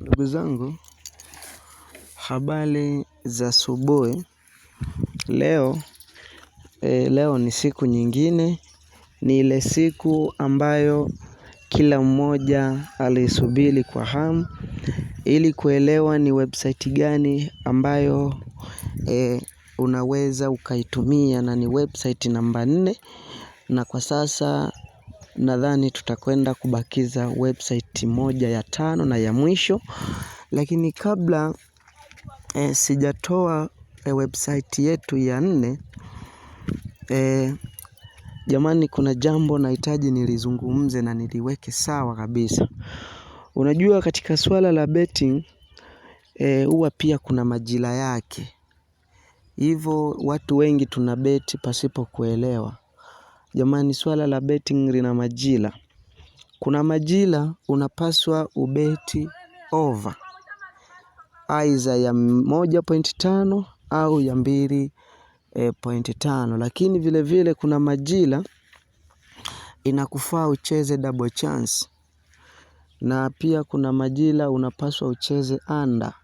Ndugu zangu, habari za asubuhi, leo, eh, leo ni siku nyingine, ni ile siku ambayo kila mmoja alisubiri kwa hamu, ili kuelewa ni website gani ambayo eh, unaweza ukaitumia na ni website namba nne na kwa sasa nadhani tutakwenda kubakiza website moja ya tano na ya mwisho lakini kabla e, sijatoa e, website yetu ya nne e, jamani kuna jambo nahitaji nilizungumze na niliweke sawa kabisa unajua katika swala la betting huwa e, pia kuna majira yake hivyo watu wengi tuna beti pasipo kuelewa Jamani, swala la betting lina majila Kuna majila unapaswa ubeti over aidha ya 1.5 au ya 2.5, lakini vile vile kuna majila inakufaa ucheze double chance na pia kuna majila unapaswa ucheze under.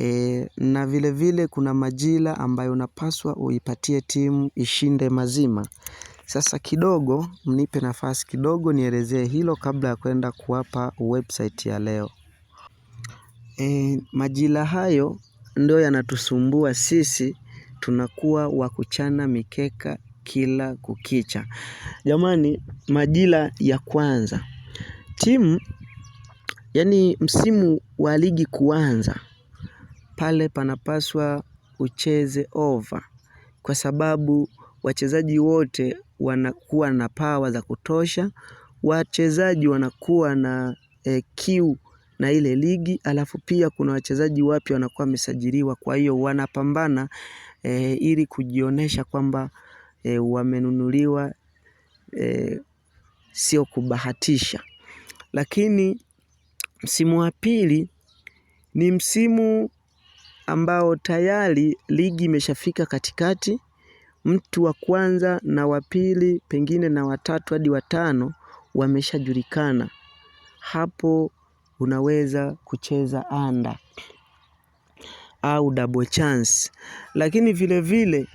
E, na vile vile kuna majila ambayo unapaswa uipatie timu ishinde mazima. Sasa kidogo, mnipe nafasi kidogo nielezee hilo kabla ya kuenda kuwapa website ya leo. E, majila hayo ndio yanatusumbua sisi tunakuwa wa kuchana mikeka kila kukicha. Jamani majila ya kwanza. Timu yani msimu wa ligi kuanza pale panapaswa ucheze over kwa sababu wachezaji wote wanakuwa na power za kutosha, wachezaji wanakuwa na e, kiu na ile ligi, alafu pia kuna wachezaji wapya wanakuwa wamesajiliwa, kwa hiyo wanapambana e, ili kujionyesha kwamba e, wamenunuliwa e, sio kubahatisha. Lakini msimu wa pili ni msimu ambao tayari ligi imeshafika katikati, mtu wa kwanza na wa pili pengine na watatu hadi watano wameshajulikana. Hapo unaweza kucheza anda au double chance, lakini vile vile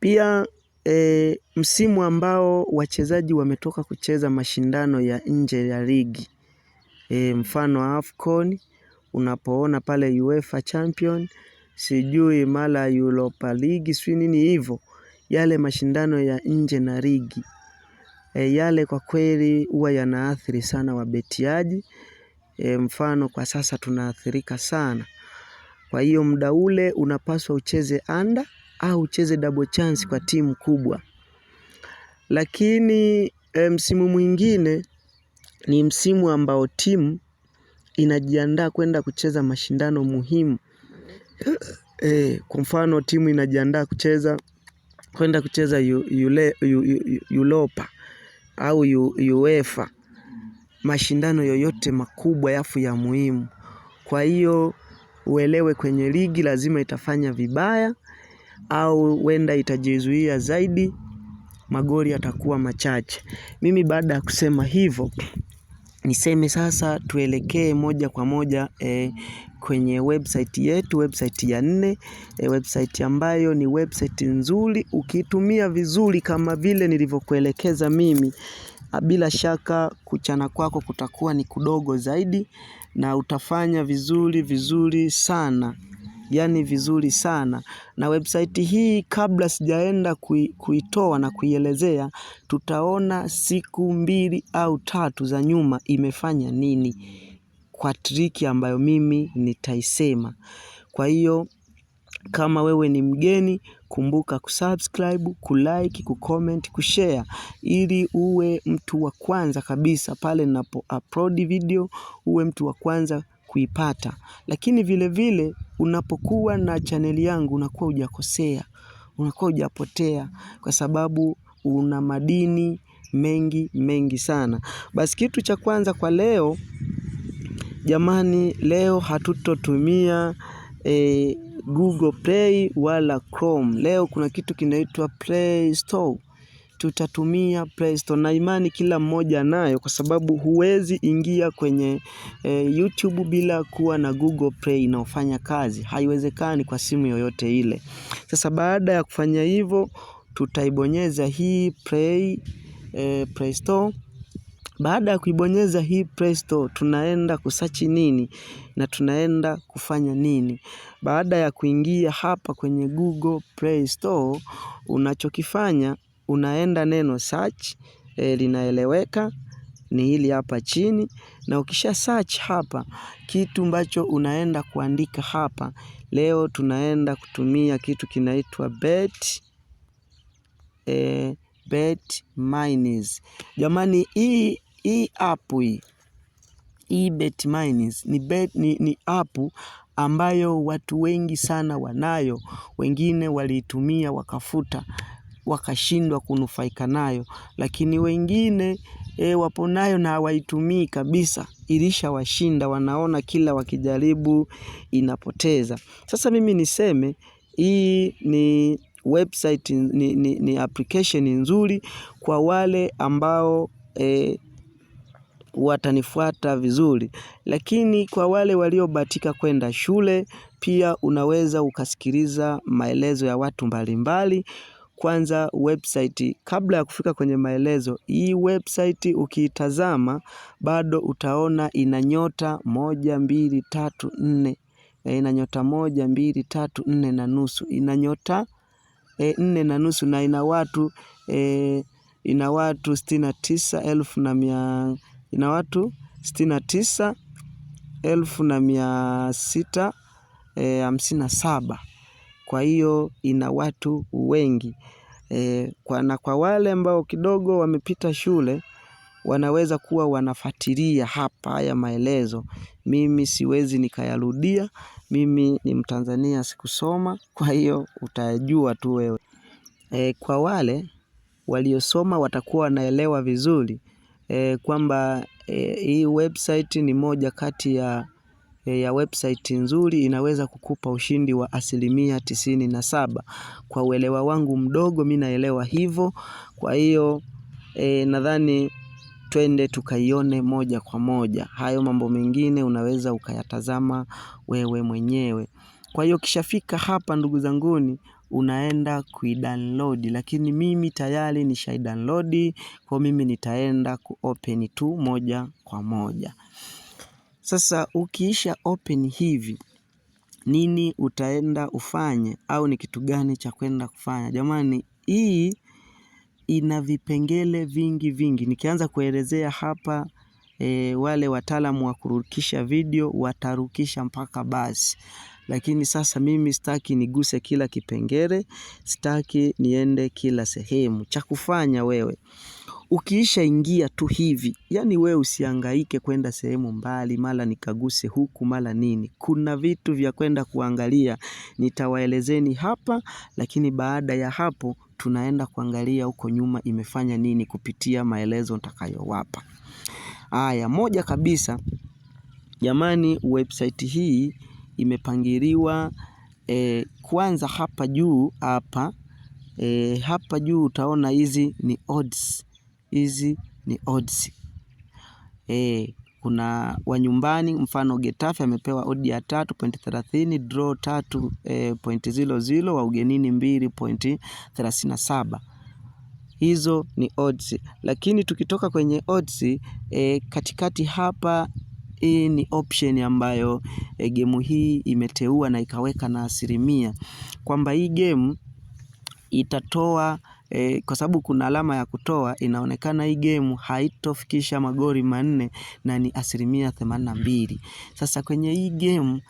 pia e, msimu ambao wachezaji wametoka kucheza mashindano ya nje ya ligi e, mfano AFCON unapoona pale UEFA Champion sijui mala Europa League si nini hivyo, yale mashindano ya nje na ligi e, yale kwa kweli huwa yanaathiri sana wabetiaji e, mfano kwa sasa tunaathirika sana. Kwa hiyo muda ule unapaswa ucheze anda au ucheze double chance kwa timu kubwa, lakini e, msimu mwingine ni msimu ambao timu inajiandaa kwenda kucheza mashindano muhimu. Eh, kwa mfano timu inajiandaa kucheza kwenda kucheza Europa au UEFA. Mashindano yoyote makubwa yafu ya muhimu. Kwa hiyo uelewe kwenye ligi lazima itafanya vibaya au huenda itajizuia zaidi magoli yatakuwa machache. Mimi baada ya kusema hivyo Niseme sasa tuelekee moja kwa moja e, kwenye website yetu, website ya nne e, website ambayo ni website nzuri ukitumia vizuri kama vile nilivyokuelekeza mimi, bila shaka kuchana kwako kutakuwa ni kudogo zaidi na utafanya vizuri vizuri sana yani vizuri sana. Na website hii kabla sijaenda kuitoa na kuielezea, tutaona siku mbili au tatu za nyuma imefanya nini kwa triki ambayo mimi nitaisema. Kwa hiyo, kama wewe ni mgeni, kumbuka kusubscribe, kulike, kucomment, kushare. Ili uwe mtu wa kwanza kabisa pale ninapo upload video, uwe mtu wa kwanza kuipata. Lakini vile vile unapokuwa na chaneli yangu unakuwa hujakosea, unakuwa hujapotea kwa sababu una madini mengi mengi sana. Basi kitu cha kwanza kwa leo, jamani leo hatutotumia e, Google Play wala Chrome. Leo kuna kitu kinaitwa Play Store tutatumia Play Store na imani kila mmoja anayo kwa sababu huwezi ingia kwenye e, YouTube bila kuwa na Google Play inaofanya kazi. Haiwezekani kwa simu yoyote ile. Sasa baada ya kufanya hivyo tutaibonyeza hii Play, e, Play Store. Baada ya kuibonyeza hii Play Store tunaenda kusachi nini na tunaenda kufanya nini. Baada ya kuingia hapa kwenye Google Play Store unachokifanya unaenda neno search e, linaeleweka ni hili hapa chini, na ukisha search hapa kitu ambacho unaenda kuandika hapa. Leo tunaenda kutumia kitu kinaitwa bet e, bet mines. Jamani, hii hii app hii hii bet mines ni bet, ni, ni app ambayo watu wengi sana wanayo, wengine waliitumia wakafuta wakashindwa kunufaika nayo, lakini wengine e, wapo nayo na hawaitumii kabisa, ilishawashinda wanaona kila wakijaribu inapoteza. Sasa mimi niseme hii ni website, ni, ni, ni application nzuri kwa wale ambao e, watanifuata vizuri, lakini kwa wale waliobahatika kwenda shule pia unaweza ukasikiliza maelezo ya watu mbalimbali mbali kwanza website kabla ya kufika kwenye maelezo hii website ukiitazama bado utaona ina nyota moja mbili tatu nne ina nyota moja mbili tatu nne na nusu ina nyota e, nne na nusu na ina watu e, ina watu sitini na tisa elfu na mia ina watu sitini na tisa elfu na mia sita e, hamsini na saba. Kwa hiyo ina watu wengi. E, kwa na kwa wale ambao kidogo wamepita shule, wanaweza kuwa wanafatilia hapa haya maelezo. Mimi siwezi nikayarudia, mimi ni mtanzania sikusoma, kwa hiyo utayajua tu wewe. E, kwa wale waliosoma watakuwa wanaelewa vizuri e, kwamba hii website ni moja kati ya Eh, ya website nzuri inaweza kukupa ushindi wa asilimia tisini na saba. Kwa uelewa wangu mdogo mi naelewa hivo. Kwa hiyo eh, nadhani twende tukaione moja kwa moja. Hayo mambo mengine unaweza ukayatazama wewe mwenyewe. Kwa hiyo kishafika hapa ndugu zanguni unaenda kuidownload. Lakini mimi tayari nishaidownload kwa mimi nitaenda kuopen tu moja kwa moja. Sasa ukiisha open hivi, nini utaenda ufanye au ni kitu gani cha kwenda kufanya? Jamani, hii ina vipengele vingi vingi. Nikianza kuelezea hapa e, wale wataalamu wa kurukisha video watarukisha mpaka basi. Lakini sasa mimi sitaki niguse kila kipengele, sitaki niende kila sehemu. Cha kufanya wewe ukiisha ingia tu hivi, yani wewe usiangaike kwenda sehemu mbali, mala nikaguse huku mala nini. Kuna vitu vya kwenda kuangalia, nitawaelezeni hapa, lakini baada ya hapo tunaenda kuangalia huko nyuma imefanya nini kupitia maelezo nitakayowapa. Haya, moja kabisa jamani, website hii imepangiliwa eh, kwanza hapa juu hapa eh, hapa juu utaona hizi ni odds Hizi ni odds. E, kuna wa nyumbani mfano Getafe amepewa odi ya 3.30 draw tatu e, wa ugenini mbili saba. Hizo ni odds, lakini tukitoka kwenye odds e, katikati hapa hii ni option ambayo e, gemu hii imeteua na ikaweka na asilimia kwamba hii gemu itatoa E, kwa sababu kuna alama ya kutoa inaonekana hii game haitofikisha magori manne na ni asilimia themanini na mbili. Sasa kwenye hii game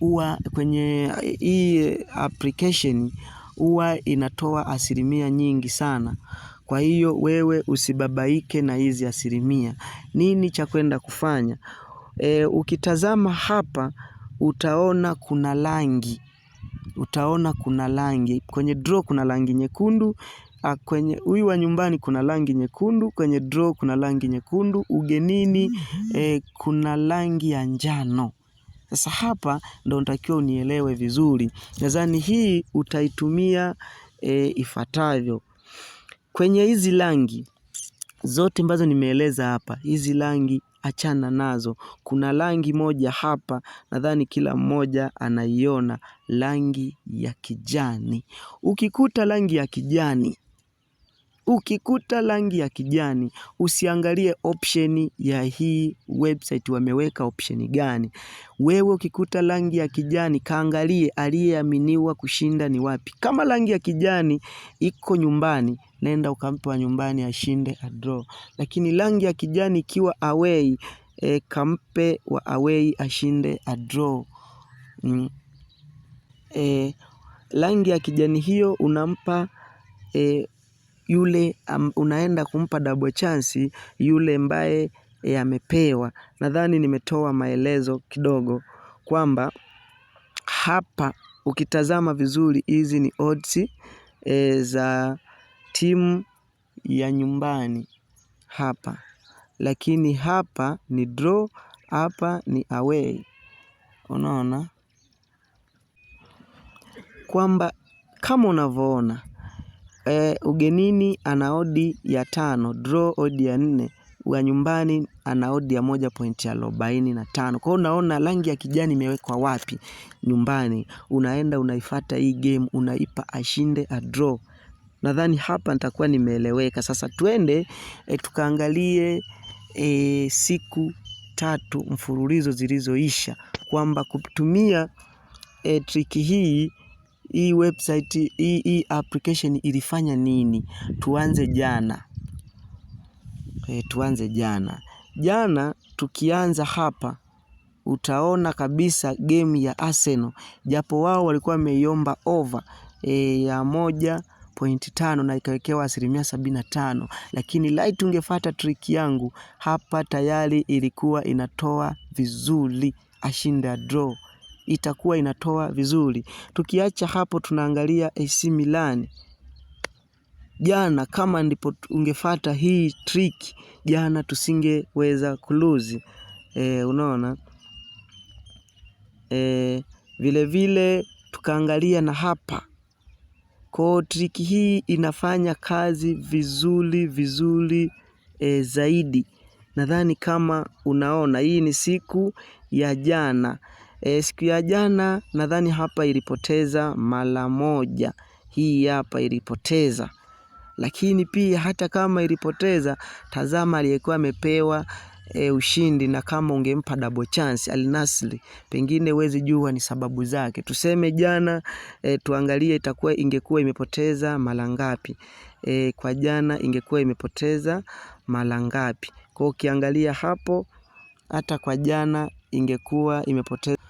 huwa kwenye hii application huwa inatoa asilimia nyingi sana. Kwa hiyo wewe usibabaike na hizi asilimia. Nini cha kwenda kufanya? E, ukitazama hapa utaona kuna rangi. Utaona kuna rangi. Kwenye draw kuna rangi nyekundu Ah, kwenye ui wa nyumbani kuna rangi nyekundu, kwenye draw kuna rangi nyekundu, ugenini mm-hmm. eh, kuna rangi ya njano. Sasa hapa ndo unatakiwa unielewe vizuri. Nadhani hii utaitumia eh, ifuatavyo. Kwenye hizi rangi zote ambazo nimeeleza hapa, hizi rangi achana nazo. Kuna rangi moja hapa, nadhani kila mmoja anaiona, rangi ya kijani. Ukikuta rangi ya kijani Ukikuta rangi ya kijani, usiangalie option ya hii website wameweka option gani. Wewe ukikuta rangi ya kijani, kaangalie aliyeaminiwa kushinda ni wapi. Kama rangi ya kijani iko nyumbani, nenda ukampe wa nyumbani ashinde draw, Lakini rangi ya kijani ikiwa away, e, kampe wa away ashinde draw Mm. E, rangi ya kijani hiyo unampa e, yule unaenda kumpa double chance yule ambaye eh, amepewa. Nadhani nimetoa maelezo kidogo kwamba hapa ukitazama vizuri hizi ni odds eh, za timu ya nyumbani hapa, lakini hapa ni draw, hapa ni away. Unaona kwamba kama unavyoona E, ugenini ana odi ya tano, draw odi ya nne, wa nyumbani ana odi ya moja pointi arobaini na tano. Kwa hiyo unaona rangi ya kijani imewekwa wapi? Nyumbani. Unaenda unaifata hii game unaipa ashinde a draw. Nadhani hapa nitakuwa nimeeleweka. Sasa twende e, tukaangalie e, siku tatu mfululizo zilizoisha kwamba kutumia e, triki hii hii website hii application ilifanya nini? Tuanze jana e, tuanze jana jana. Tukianza hapa utaona kabisa game ya Arsenal, japo wao walikuwa wameiomba over e, ya moja pointi tano na ikawekewa asilimia sabini na tano lakini light, ungefata trick yangu hapa, tayari ilikuwa inatoa vizuri, ashinda draw itakuwa inatoa vizuri. Tukiacha hapo tunaangalia AC Milan. Jana kama ndipo ungefata hii trick, jana tusingeweza kuluzi. E, unaona e, vile vile tukaangalia na hapa ko triki hii inafanya kazi vizuri vizuri e, zaidi. Nadhani kama unaona hii ni siku ya jana. E, siku ya jana nadhani hapa ilipoteza mara moja, hii hapa ilipoteza. Lakini pia hata kama ilipoteza, tazama aliyekuwa amepewa e, ushindi na kama ungempa double chance Al Nassr, pengine wezi jua ni sababu zake. Tuseme jana e, tuangalie itakuwa ingekuwa imepoteza mara ngapi? E, kwa jana ingekuwa imepoteza mara ngapi? Kwa ukiangalia hapo hata kwa jana ingekuwa imepoteza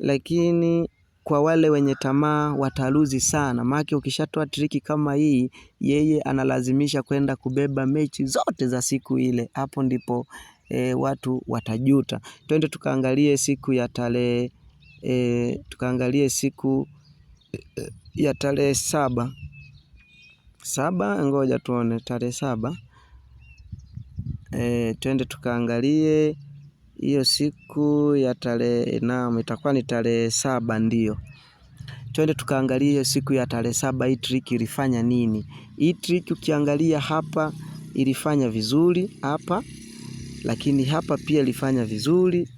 lakini kwa wale wenye tamaa wataluzi sana, maake ukishatoa triki kama hii, yeye analazimisha kwenda kubeba mechi zote za siku ile. Hapo ndipo e, watu watajuta. Twende tukaangalie siku ya tarehe e, tukaangalie siku eh, ya tarehe saba saba, ngoja tuone tarehe saba. E, twende tukaangalie hiyo siku ya tarehe naam, itakuwa ni tarehe saba ndiyo. Twende tukaangalia hiyo siku ya tarehe saba hii trick ilifanya nini? Hii trick ukiangalia hapa ilifanya vizuri hapa, lakini hapa pia ilifanya vizuri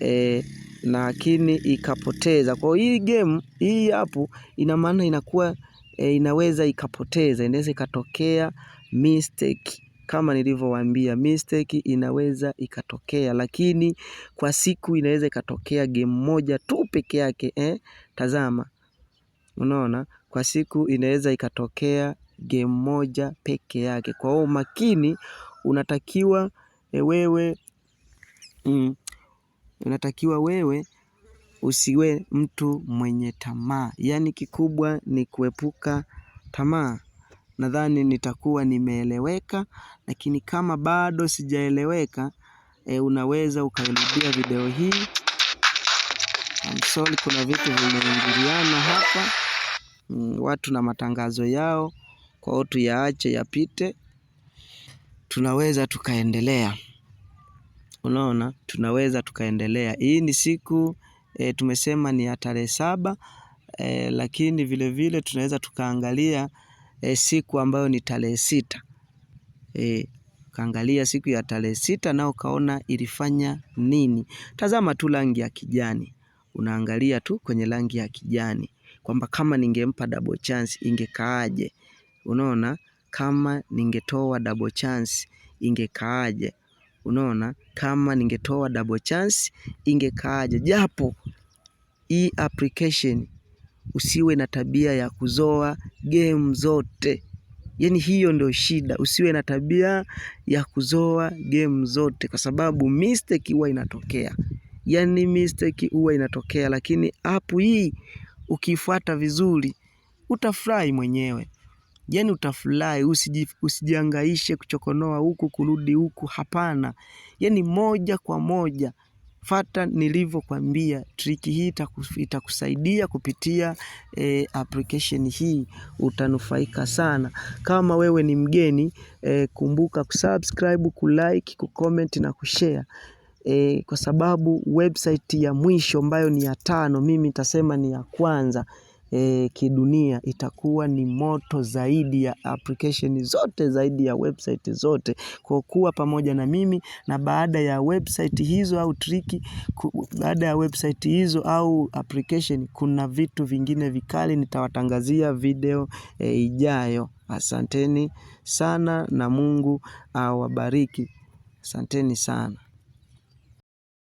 e, lakini ikapoteza. Kwa hiyo hii game hii hapo ina maana inakuwa e, inaweza ikapoteza, inaweza ikatokea mistake kama nilivyowaambia mistake inaweza ikatokea, lakini kwa siku inaweza ikatokea game moja tu peke yake eh? Tazama, unaona kwa siku inaweza ikatokea game moja peke yake. Kwa hiyo makini unatakiwa eh, wewe mm, unatakiwa wewe usiwe mtu mwenye tamaa, yaani kikubwa ni kuepuka tamaa nadhani nitakuwa nimeeleweka, lakini kama bado sijaeleweka, eh, unaweza ukarudia video hii. I'm sorry, kuna vitu vimeingiliana hapa, mm, watu na matangazo yao, kwa hiyo tuyaache yapite, tunaweza tukaendelea. Unaona, tunaweza tukaendelea. Hii ni siku e, tumesema ni ya tarehe saba e, lakini vilevile tunaweza tukaangalia e, siku ambayo ni tarehe sita e, ukaangalia siku ya tarehe sita na ukaona ilifanya nini. Tazama tu rangi ya kijani, unaangalia tu kwenye rangi ya kijani kwamba kama ningempa double chance ingekaaje? Unaona, kama ningetoa double chance ingekaaje? Unaona, kama ningetoa double chance ingekaaje? Japo hii application usiwe na tabia ya kuzoa game zote. Yani hiyo ndio shida, usiwe na tabia ya kuzoa game zote, kwa sababu mistake huwa inatokea. Yani mistake huwa inatokea, lakini app hii ukifuata vizuri utafurahi mwenyewe. Yani utafurahi, usiji, usijiangaishe kuchokonoa huku kurudi huku, hapana. Yani moja kwa moja fata nilivyokwambia triki hii itakusaidia kupitia e, application hii utanufaika sana. Kama wewe ni mgeni e, kumbuka kusubscribe, kulike, kucomment na kushare. E, kwa sababu website ya mwisho ambayo ni ya tano, mimi nitasema ni ya kwanza. Eh, kidunia itakuwa ni moto zaidi ya application zote zaidi ya website zote kwa kuwa pamoja na mimi na baada ya website hizo au triki baada ya website hizo au application kuna vitu vingine vikali nitawatangazia video eh, ijayo asanteni sana na mungu awabariki asanteni sana.